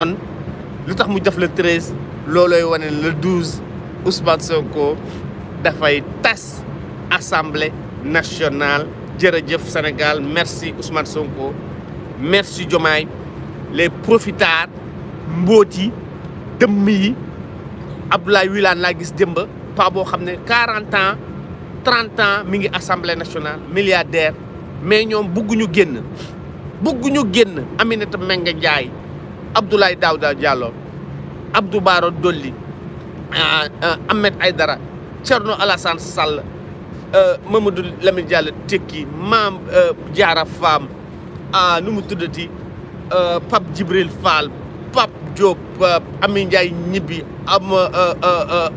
kon lu le 13, le 12, Ousmane Sonko tas assemblée nationale du Sénégal merci Ousmane Sonko merci Diomaye les profiteurs mboti demi, Abdoulaye Wilane la gis ne ans 30 ans mi ngi assemblée nationale milliardaire mais les, Aminata Abdoulaye Daouda Diallo Abdou Baro Dolli ah, ah, Ahmed Aydara Thierno Alassane Sall euh, Mamadou Lamine Diallo Tekki Maam euh, Diarra Fam ah nu mu tuddati euh, Pape Djibril Fall Pape Diop Ami Ndiaye Ñibbi am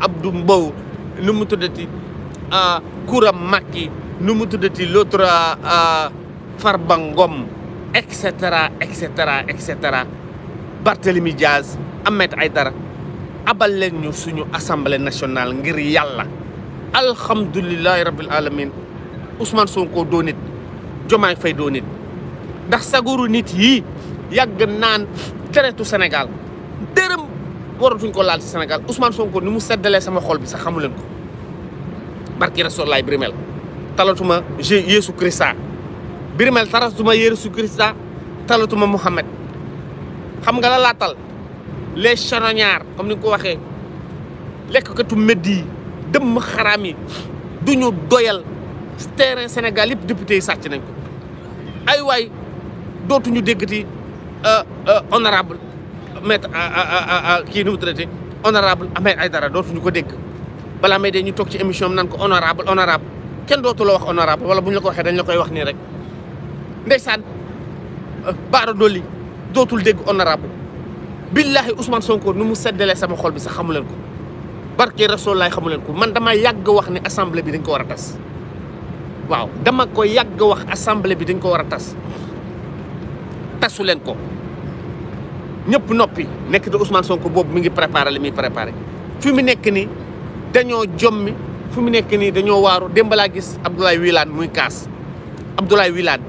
Abdou Mbow nu mu tuddati Koura ah, Macky nu mu tuddati l'autre Farba Ngom et cetera cetera et cetera Barthélemy Diaz Ahmed Aïdara abal leen ñu suñu assemblée nationale ngir yàlla alhamdulilahi rabbil alamin Ousmane Sonko doo nit Jomaay Fay doo nit ndax saguru nit yi yàgg naan teretu Sénégal dërëm waratuñ ko laal ci Sénégal Ousmane Sonko ni mu seddalee sama xol bi sax xamu leen ko barki rasulaay birimel talatuma Jésus Christa birimel talatuma Jésus Christa talatuma Muhammad xam nga la laatal les charognards comme ni nga ko waxee lekkatu mbedd yi dëmm xaraam yi du ñu doyal terrain Sénégal yëpp député yi sàcc nañ ko ay waay dootuñu déggati euh, euh, honorable maître euh, kii nu mu traité honorable Ahmed Aïdara dootuñu ko dégg balaa may dee ñu toog ci émission am nan ko honorable honorable kenn dootu la wax honorable wala bu ñu la ko waxee dañ la koy wax nii rek ndeysaan baara dolli dootul dégg honorable billahi Ousmane Sonko nu mu seddalee sama xol bi sax xamu leen ko barke Rasoul laay xamu leen ko man dama yàgg wax ne assemblée bi dañ ko war a tas waaw dama ko yàgg wax assemblée bi dañ ko war a tas tasu leen ko ñëpp noppi nekk te Ousmane Sonko boobu mu ngi préparé li muy préparé fi mu nekk nii dañoo jommi fu mu nekk nii dañoo waaru démb laa gis Abdoulaye wilaan muy kaas Abdoulaye Wilane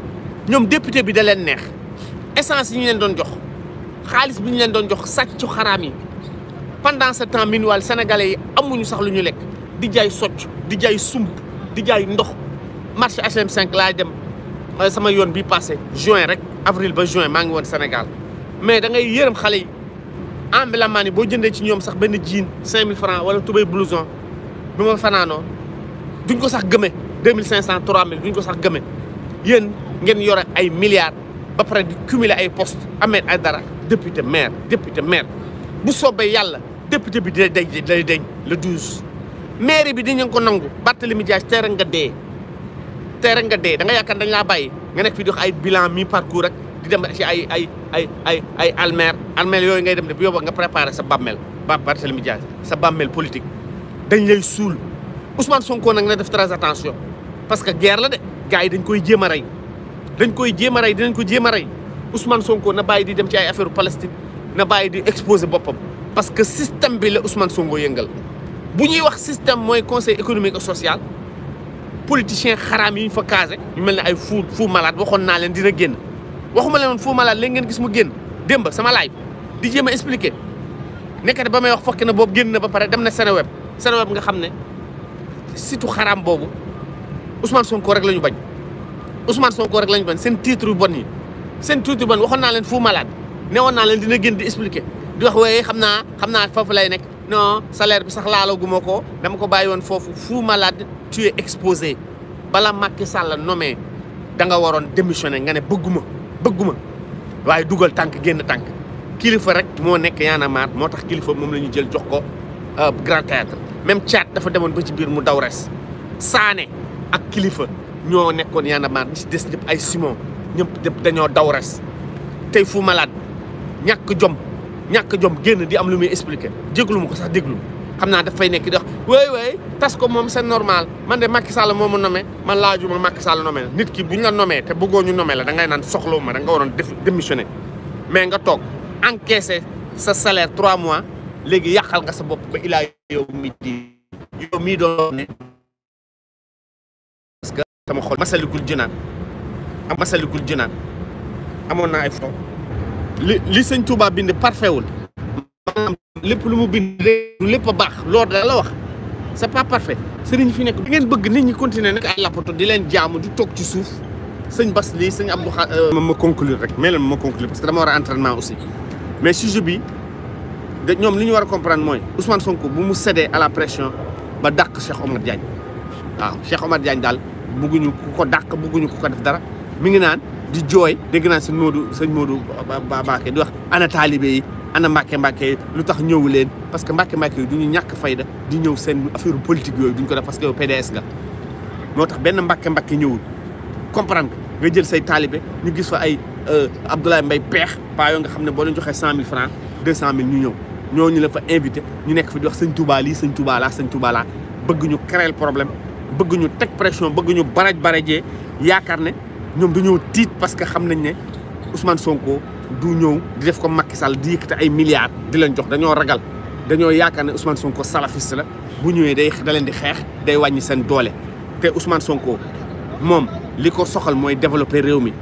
ñoom député bi da leen neex. essence yi ñu leen doon jox xaalis bi ñu leen doon jox sàccu xaraam yi pendant ce temps minuwaal sénégalais yi amuñu sax lu ñu lekk di jaay socc di jaay sump di jaay ndox marché HLM 5 laa dem euh, sama yoon bi passé juin rek avril ba juin maa ngi woon Sénégal mais da ngay yërëm xale yi ambulement yi boo jëndee ci ñoom sax benn jean 5000 francs wala tubéy blouson bi ma fanaanoo duñ ko sax gëme 2500 3000 duñ ko sax gëme yéen ngeen yore ay milliards ba pare di cumuler ay poste ay dara député maire député maire bu soobee yalla député bi day day deñ le 12. maire bi dinañ ko nangu Barthélémy Dias teere nga dé teere nga dé da nga yaakaar dañ la bàyyi nga nek fi dox ay bilan mi parcours ak di dem ci ay ay ay ay ay almer almer yoy ngay dem de bu yóbbu nga préparer sa bammel ba Barthélémy Dias sa bammel politique dañ lay suul Ousmane Sonko nak na def très attention parce que guerre la dé gaay dañ koy jema ray dañ koy jéem a rey dinañ ko jéem a rey Ousmane Sonko na bàyyi di dem ci ay affaire Palestine na bàyyi di exposé boppam parce que système bi la Ousmane Sonko yëngal bu ñuy wax système mooy conseil économique et social politicien xaraam yi ñu fa casé ñu mel ni ay fou fou malade waxoon naa leen dina génn waxuma leen fou malade léegi ngeen gis mu génn démb sama laaj di jéem a expliqué nekkati ba may wax fokk na boobu génn na ba pare dem na Seneweb Seneweb nga xam ne surtout xaraam boobu Ousmane Sonko rek la ñu bañ. Ousmane Sonko rek lañ bañ seen titre bon yi seen titre yu bon waxoon naa leen Fou Malade newoon naa leen dina gën di expliquer di wax waaye xam naa xam naa foofu lay nekk non salaire bi sax laalaguma ko dama ko bàyyi woon foofu Fou Malade tu es exposé bala Macky Sall nommé da nga waroon démissionné nga ne bëgguma bëgguma waaye dugal tànk génn tànk kilifa rek moo nekk yaana maar moo tax kilifa moom la ñu jël jox ko euh, grand théâtre même Thiat dafa demoon ba ci biir mu daw res Sané ak kilifa ñoo nekkoon Y'en a marre ñi ci des ñëpp ay Simon ñëpp dañoo daw res tey Fou malaat ñàkk jomb ñàkk jom génn di am lu muy expliqué déglu ma ko sax déglu xam naa dafay nekk di wax wéy wéy tas ko moom c'est normal man de Macky la moom ma nommé man laajuma Macky Sall nommé la nit ki bu ñu la nommé te bëggoo ñu nommé la da ngay naan soxlawu ma da nga waroon def démissionné mais nga toog encaissé sa salaire trois mois léegi yàqal nga sa bopp ba ilaa yow mi di yow mii doon ne sama xol masalikul jinan am masalikul jinaan amoon naa ay photo li li sëñ Touba bind parfait wul lepp lu mu bind lépp a baax loolu da la wax c'est pas parfait sëriñ fi nek ngeen beug nit ñi continuer nekk ay lapato di len jaamu du tok ci souf seigne bass li seigne Abdou xa euh, ma conclure rek mais ma conclure parce que dama wara entraînement aussi mais si je bi da ñom li ñu wara comprendre moy Ousmane Sonko bu mu cédé à la pression ba dak Cheikh Omar Diagne waaw Cheikh Omar Diagne dal bugguñu ku ko dàq bugguñu ku ko def dara mi ngi naan di jooy dégg naa sëñ Modou sëñ Modou Mbacké di wax ana taalibe yi ana Mbacké Mbacké yi lu tax ñëwu leen parce que Mbacké Mbacké yi du ñu ñàkk fayda di ñëw seen affaire politique yooyu duñ ko def parce que yow PDS nga moo tax benn Mbacké Mbacké ñëwul comprendre nga jël say taalibe ñu gis fa ay euh, Abdoulaye Mbaye peex paa yoo nga xam ne boo leen joxee cent mille francs deux cent mille ñu ñëw ñooñu la fa invité ñu nekk fi di wax sëñ Touba lii sëñ Touba laa sëñ Touba problème bëgguñu ñu teg pression bëgg ñu baraj barajee yaakaar ne ñoom du ñëw tiit parce que xam nañ ne Ousmane Sonko du ñëw di def ko Macky Sall di yëkkate ay milliards di leen jox dañoo ragal dañoo yaakaar ne Ousmane Sonko salafiste la bu ñëwee day da leen di xeex day wàññi seen doole te Ousmane Sonko moom li ko soxal mooy développer réew mi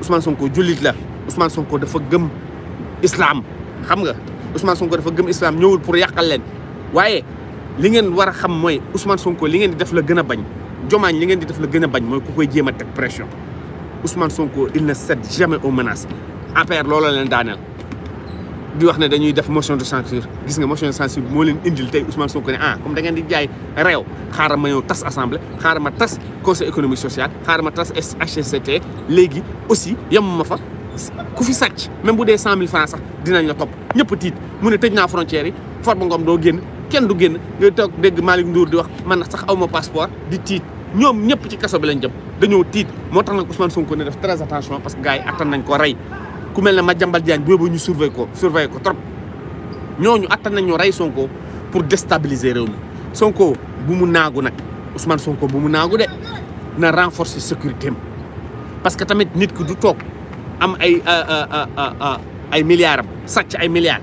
Ousmane Sonko jullit la Ousmane Sonko dafa gëm islam xam nga Ousmane Sonko dafa gëm islam ñëwul pour yàqal leen waaye. li ngeen war a xam mooy Ousmane Sonko li ngeen di def la gën a bañ Diomaye li ngeen di def la gën a bañ mooy ku koy jéem a teg pression Ousmane Sonko il ne set jamais aux menaces APR looloo leen daaneel. di wax ne dañuy def motion de censure gis nga motion de censure moo leen indil tey Ousmane Sonko ne ah comme da di jaay réew xaaral ma ñëw tas assemblée xaaral ma tas conseil économique social xaaral ma tas HCCT léegi aussi yemuma fa. ku fi sàcc même bu dee cent mille francs sax dinañ la topp ñëpp tiit mu ne tëj naa frontières yi Farba Ngom doo génn. kenn du génn nga toog dégg Malick Ndour di wax man sax awma passeport di tiit ñoom ñëpp ci kasso bi lañ jëm dañoo tiit moo tax nag Ousmane Sonko ne def très attention parce que gars yi attan nañ ko rey ku mel ne jambal Diagne boobu ñu surveille ko surveille ko trop ñooñu attan nañ ñu rey Sonko pour déstabiliser réew mi Sonko bu mu naagu nag Ousmane Sonko bu mu naagu de na renforcer sécurité am parce que tamit nit ki du toog am ay euh, euh, euh, ay milliards am sàcc ay milliards.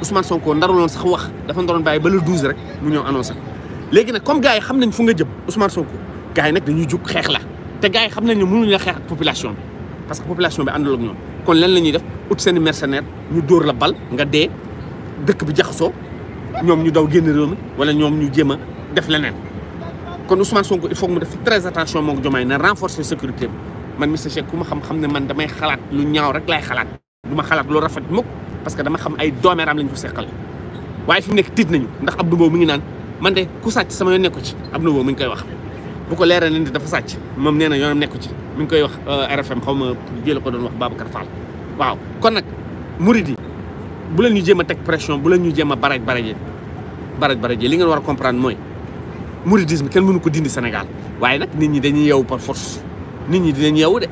Ousmane Sonko ndaru loon sax wax dafa ndaroon bàyyi ba le 12 rek mu ñëw annoncé ko léegi nag comme gars yi xam nañ fu nga jëm Ousmane Sonko gars yi nag dañuy jug xeex la te gars yi xam nañ ne mënuñ la xeex ak population bi parce que population bi àndul ak ñoom kon la ñuy def ut seen i ñu dóor la bal nga dee dëkk bi jaxasoo ñoom ñu daw génn réew wala ñoom ñu jéem a def leneen kon Ousmane Sonko il faut mu def très attention moom Diomaye na renforcer sécurité bi mi Mister Shake ku ma xam-xam ne man damay xalaat lu ñaaw rek laay xalaat du ma xalaat lu rafet mukk parce que dama xam ay doomeeraam lañ ko seqal waaye fi mu nekk tiit nañu ndax Abdou Mbow mi ngi naan man de ku sàcc sama yoon nekku ci Abdou Mbow mi ngi koy wax bu ko leeral ne dafa sàcc moom nee na yoonam nekku ci mi ngi koy wax euh, RFM xaw ma jëla ko doon wax Babacar Fall waaw kon nag murid yi bu leen ñu jéem a teg pression bu leen ñu jéem a baraj barajee baraj barajee li ngeen war a comprendre mooy mouridisme kenn mënu ko dindi Sénégal waaye nag nit ñi dañuy yeewu par force nit ñi dinañ yeewu de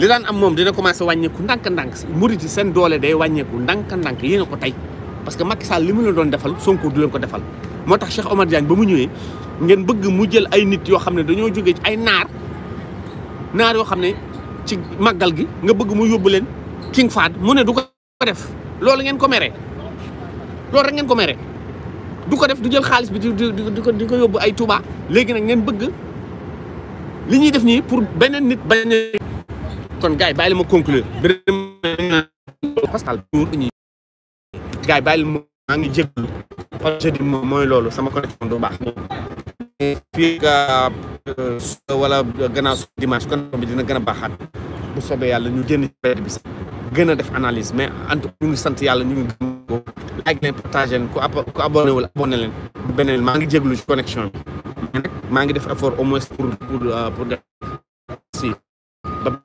li daan am mom dina commencé wàññeeku ndànk ndank murit yi seen doole day wàññeeku ndànk ndank yéen ko tay parce que Macky Sall limu la doon defal Sonko du len ko defal motax Cheikh Omar Diagne bamu mu ngeen bëgg mu jël ay nit yo xamné ne dañoo jógee ci ay nar nar yo xamné ci magal gi nga bëgg mu yobul len King fat, mu ne du ko def loolu ngeen ko méré loolu rek ngeen ko méré du ko def du jël xaalis bi di di ko di ko yobbu ay Touba légui nak ngeen bëgg li ñi def ni pour benen nit bañ kon gars yi ma conclure Pascal Buur ñi gars yi bàyyi la maa ngi jéglu projet di mooy loolu sama connexion du baax fii ka euh, wala gannaaw su dimanche connexion bi dina gën a baaxaat bu soobee yàlla ñu génn ci bi sax gën a def analise mais en tout ñu ngi sant yàlla ñu ngi gëm ko like leen partage leen ku ku abonné wul abonné leen beneen maa ngi jéglu ci connexion bi maa ngi def effort au moins pour pour euh, pour def